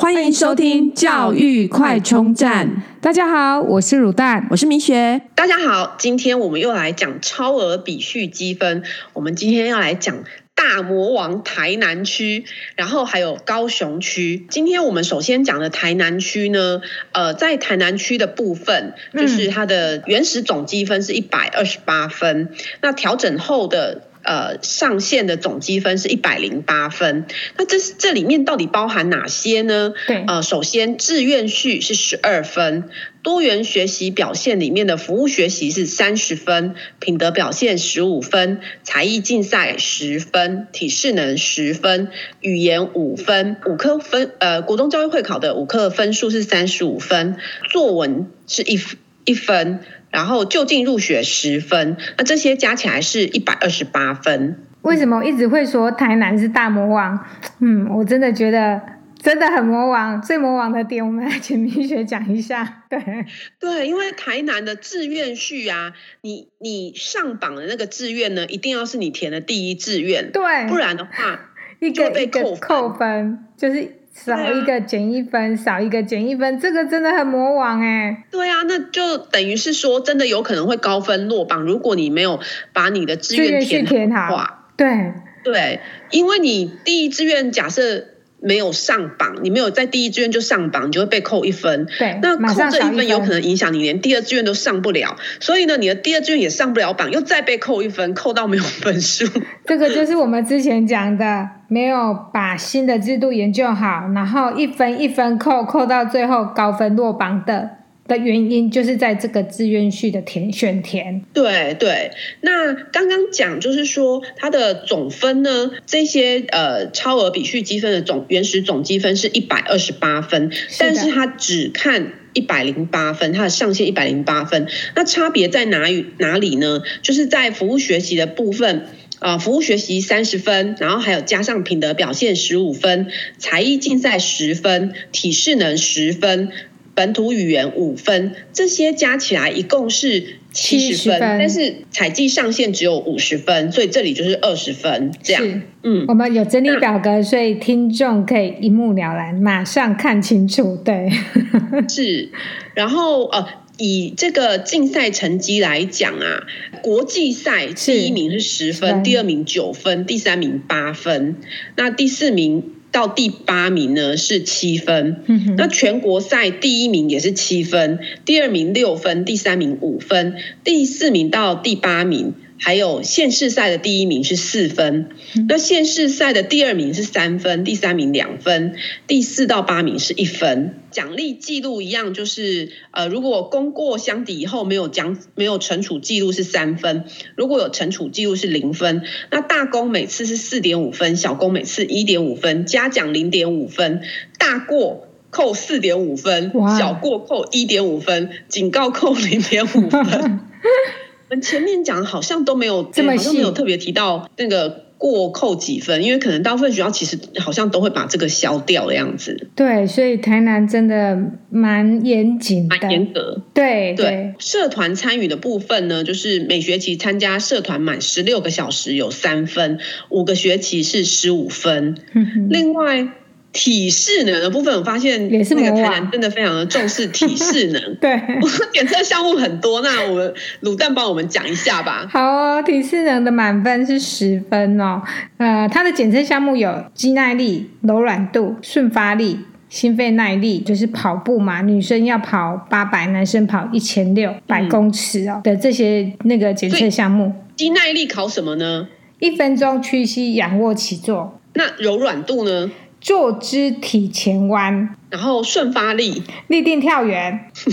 歡迎收聽教育快充站。大家好，我是汝蛋，我是米雪。大家好，今天我們又來講超額比序積分。我們今天要來講大魔王台南區，然後還有高雄區。今天我們首先講的台南區呢，呃，在台南區的部分，就是它的原始總積分是一百二十八分，嗯、那調整後的。呃，上限的總積分是一百零八分，那這這裡面到底包含哪些呢？對，呃，首先志願序是十二分，多元學習表現裡面的服務學習是三十分，品德表現十五分，才藝競賽十分，體適能十分，語言五分，五科分，呃，國中教育會考的五科分數是三十五分，作文是一分。一分，然後就近入學十分，那這些加起來是一百二十八分。為什麼一直會說台南是大魔王？嗯，我真的覺得真的很魔王，最魔王的點，我們來請明雪講一下。對，對，因為台南的志願序啊，你你上榜的那個志願呢，一定要是你填的第一志願，對，不然的話就會被扣分，一個一個扣分，就是。少一個減一分，對啊，少一個減一分，少一個減一分，這個真的很魔王哎。對啊，那就等於是說，真的有可能會高分落榜，如果你沒有把你的志願填好的話。去填它。對對，因為你第一志願假設。沒有上榜，你沒有在第一志願就上榜，你就會被扣一分。對，那扣這一分有可能影響你連第二志願都上不了，所以呢，你的第二志願也上不了榜，又再被扣一分，扣到沒有分數。這個就是我們之前講的，沒有把新的制度研究好，然後一分一分扣，扣到最後高分落榜的。的原因就是在這個志願序的填選填，對對。那剛剛講就是說，他的總分呢，這些呃超額比序積分的總原始總積分是一百二十八分，是的但是他只看一百零八分，他的上限一百零八分。那差別在哪與哪裡呢？就是在服務學習的部分啊，呃，服務學習三十分，然後還有加上品德表現十五分，才藝競賽十分，體適能十分。本土語言五分，這些加起來一共是七十分，分但是採計上限只有五十分，所以這裡就是二十分這樣。是嗯，我們有整理表格，那所以聽眾可以一目了然，馬上看清楚。對， 是。然後呃，以這個競賽成績來講啊，國際賽第一名是十分，第二名九分，第三名八分，那第四名。到第八名呢是七分，那全國賽第一名也是七分，第二名六分，第三名五分，第四名到第八名。還有縣市賽的第一名是四分，嗯、那縣市賽的第二名是三分，第三名兩分，第四到八名是一分。獎勵記錄一樣，就是呃，如果功過相抵以後沒有獎，沒有懲處記錄是三分；如果有懲處記錄是零分。那大功每次是四點五分，小功每次一點五分，加獎零點五分；大過扣四點五分，小過扣一點五分，警告扣零點五分。哇 我們前面講好像都沒有，好像沒有特別提到那個過扣幾分，因為可能大部分學校其實好像都會把這個消掉的樣子。對，所以台南真的蠻嚴謹、蠻嚴格。對對，社團參與的部分呢，就是每學期參加社團滿十六個小時有三分，五個學期是十五分。另外。體適能的部分，我發現也是那個台南真的非常的重視體適能。 對，檢測 項目很多。那我們滷蛋幫我們講一下吧。好哦，體適能的滿分是十分哦。呃，它的檢測項目有肌耐力、柔軟度、瞬發力、心肺耐力，就是跑步嘛。女生要跑八百，男生跑一千六百公尺哦、嗯、的這些那個檢測項目。肌耐力考什麼呢？一分鐘屈膝仰臥起坐。那柔軟度呢？坐姿體前彎，然後瞬發力，立定跳遠。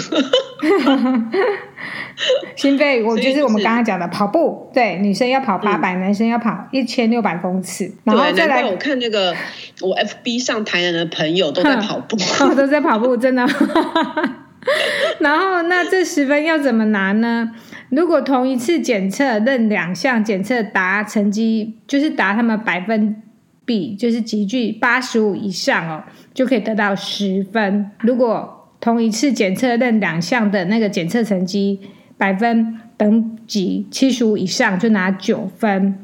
心肺。我就是我們剛剛講的、就是、跑步，對，女生要跑八百、嗯，男生要跑一千六百公尺，然後再來。我看那個 我 FB 上台人的朋友都在跑步，哦、都在跑步，真的。 然後那這十分要怎麼拿呢？如果同一次檢測任兩項檢測達成績，就是達他們百分。B 就是積聚八十五以上哦，就可以得到十分。如果同一次檢測任兩項的那個檢測成績百分等級七十五以上，就拿九分。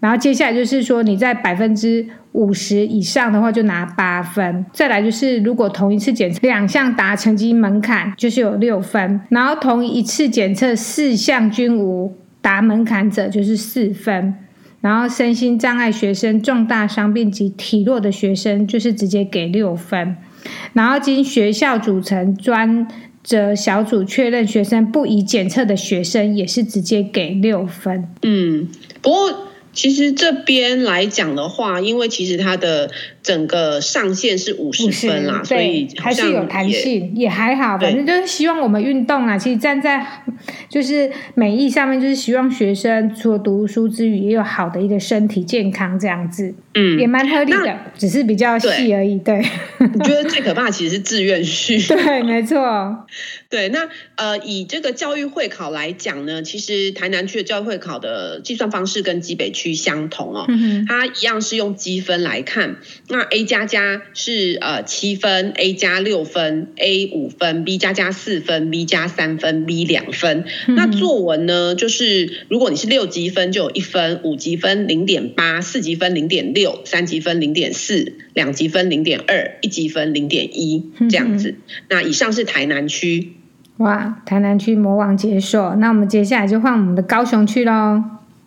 然後接下來就是說，你在百分之五十以上的話，就拿八分。再來就是，如果同一次檢測兩項達成績門檻，就是有六分。然後同一次檢測四項均無達門檻者，就是四分。然後，身心障礙學生、重大傷病及體弱的學生，就是直接給六分。然後，經學校組成專責小組確認學生不宜檢測的學生，也是直接給六分。嗯，不。其實這邊來講的話，因為其實它的整個上限是五十分啦，所以還是有彈性，也,也還好的。反正對就是希望我們運動啊，其實站在就是美意上面，就是希望學生除了讀書之餘，也有好的一個身體健康這樣子。嗯，也蠻合理的，那只是比較細而已。對，對 我覺得最可怕的其實是志願序。對，沒錯。對，那呃，以這個教育會考來講呢，其實台南區的教育會考的計算方式跟基北區。區相同哦，嗯、哼它一樣是用積分來看。那 A 加加是呃七分，A 加六分，A 五分，B 加加四分，B 加三分，B 兩分。那作文呢，就是如果你是六級分就有一分，五級分零點八，四級分零點六，三級分零點四，兩級分零點二，一級分零點一這樣子。嗯、哼那以上是台南區，哇，台南區魔王解鎖。那我們接下來就換我們的高雄區嘍。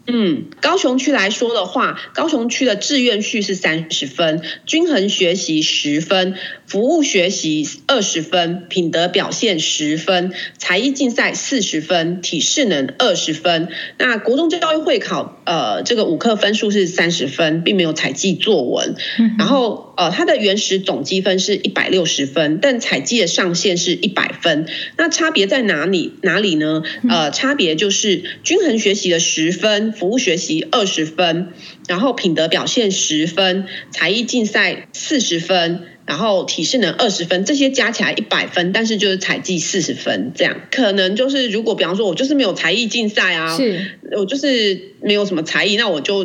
嗯，高雄區來說的話，高雄區的志願序是三十分，均衡學習十分，服務學習二十分，品德表現十分，才藝競賽四十分，體適能二十分。那國中教育會考，呃，這個五科分數是三十分，並沒有採計作文。嗯、哼然後，呃，它的原始總積分是一百六十分，但採計的上限是一百分。那差別在哪裡？哪裡呢？呃，差別就是均衡學習的十分。服務學習二十分，然後品德表現十分，才藝競賽四十分，然後體適能二十分，這些加起來一百分，但是就是才藝四十分這樣。可能就是如果比方說，我就是沒有才藝競賽啊，是我就是沒有什麼才藝，那我就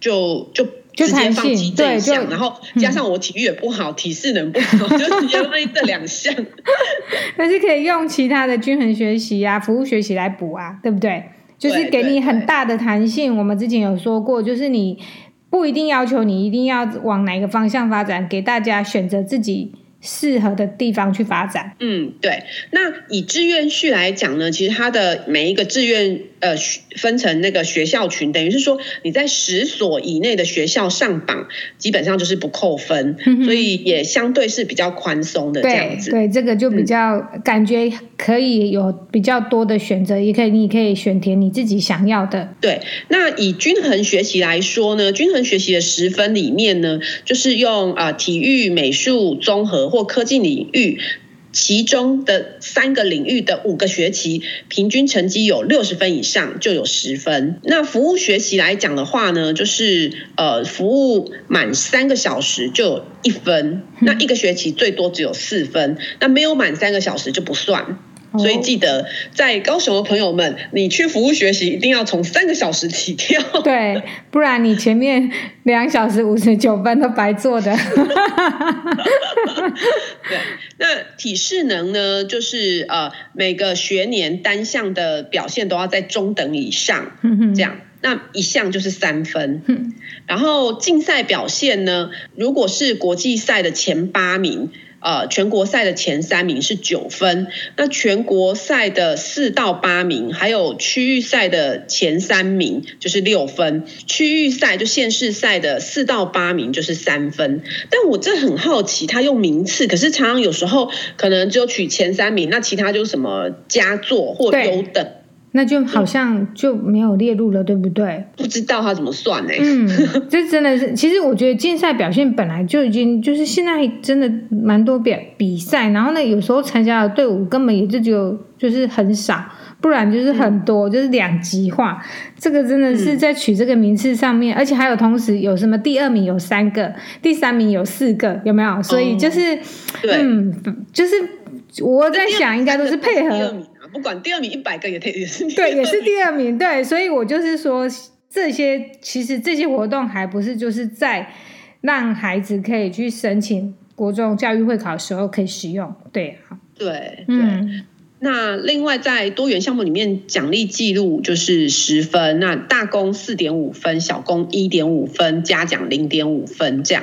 就就直接放棄這一項，然後加上我體育也不好，嗯、體適能不好，就是因為這兩項， 但是可以用其他的均衡學習呀、啊、服務學習來補啊，對不對？就是給你很大的彈性，我們之前有說過，就是你不一定要求你一定要往哪個方向發展，給大家選擇自己。適合的地方去發展。嗯，對。那以志願序來講呢，其實它的每一個志願，呃，分成那個學校群，等於是說你在十所以內的學校上榜，基本上就是不扣分，所以也相對是比較寬鬆的這樣子。嗯哼對。對，這個就比較感覺可以有比較多的選擇，嗯，也可以你可以選填你自己想要的。對。那以均衡學習來說呢，均衡學習的十分裡面呢，就是用啊、呃、體育、美術、綜合。或科技領域，其中的三個領域的五個學期平均成績有六十分以上就有十分。那服務學習來講的話呢，就是呃服務滿三個小時就有一分，那一個學期最多只有四分。那沒有滿三個小時就不算。所以記得，在高雄的朋友們，你去服務學習一定要從三個小時起跳。哦，對，不然你前面兩小時五十九分都白做的。 對，那體適能呢，就是呃，每個學年單項的表現都要在中等以上，嗯、哼這樣，那一項就是三分。嗯。然後競賽表現呢，如果是國際賽的前八名。呃，全國賽的前三名是九分，那全國賽的四到八名，還有區域賽的前三名就是六分，區域賽就縣市賽的四到八名就是三分。但我這很好奇，他用名次，可是常常有時候可能就取前三名，那其他就是什麼佳作或優等。那就好像就沒有列入了，嗯、對不對？不知道他怎麼算的、欸、嗯， 這真的是，其實我覺得競賽表現本來就已經就是現在真的蠻多比比賽，然後呢，有時候參加的隊伍根本也就只有就是很少，不然就是很多，嗯、就是兩極化。這個真的是在取這個名次上面，嗯、而且還有同時有什麼第二名有三個，第三名有四個，有沒有？所以就是嗯、嗯，就是我在想，應該都是配合。嗯不管第二名一百個也可以對，對 也是第二名，對，所以我就是說，這些其實這些活動還不是就是在讓孩子可以去申請國中教育會考的時候可以使用，對啊，對，嗯，那另外在多元項目裡面獎勵記錄就是十分，那大功四點五分，小功一點五分，嘉獎零點五分這樣，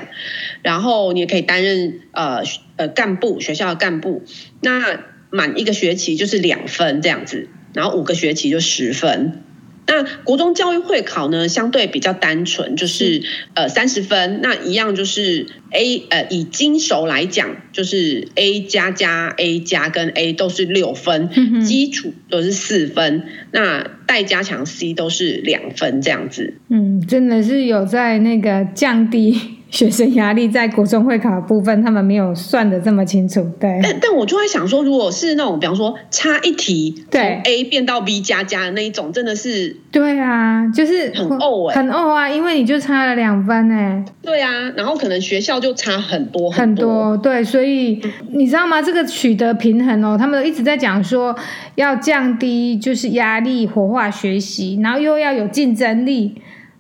然後你也可以擔任呃呃幹部學校的幹部，那。滿一個學期就是兩分這樣子，然後五個學期就十分。那國中教育會考呢，相對比較單純，就是，是呃三十分。那一樣就是 A，呃以精熟來講，就是 A 加加 A 加跟 A 都是六分，嗯哼，基礎都是四分，那待加強 C 都是兩分這樣子。嗯，真的是有在那個降低。學生壓力在國中會考的部分，他們沒有算的這麼清楚，對。但但我就在想說，如果是那種，比方說差一題，對 A 變到 B 加加的那一種，真的是對啊，就是很嘔哎，很嘔啊，因為你就差了兩分誒，對啊，然後可能學校就差很多很多。很多對，所以、嗯、你知道嗎？這個取得平衡哦，他們一直在講說要降低就是壓力，活化學習，然後又要有競爭力。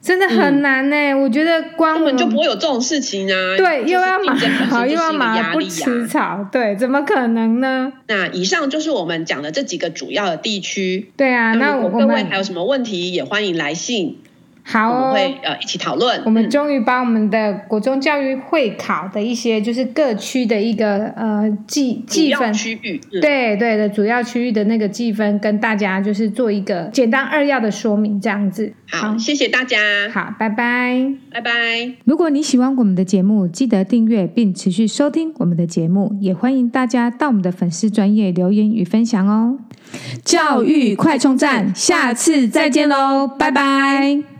真的很難呢、欸，嗯、我覺得關門就不會有這種事情啊！對，啊、又要馬好，又要馬不吃草，對，怎麼可能呢？那以上就是我們講的這幾個主要的地區。對啊，那我們各位還有什麼問題也歡迎來信。好、哦，我們會呃一起討論。我們終於把我們的國中教育會考的一些就是各區的一個呃計計分主要區域，對對的主要區域的那個計分跟大家就是做一個簡單扼要的說明，這樣子。好，好謝謝大家。好，拜拜，拜拜。如果你喜歡我們的節目，記得訂閱並持續收聽我們的節目，也歡迎大家到我們的粉絲專頁留言與分享哦。教育快充站，下次再見嘍拜，拜拜。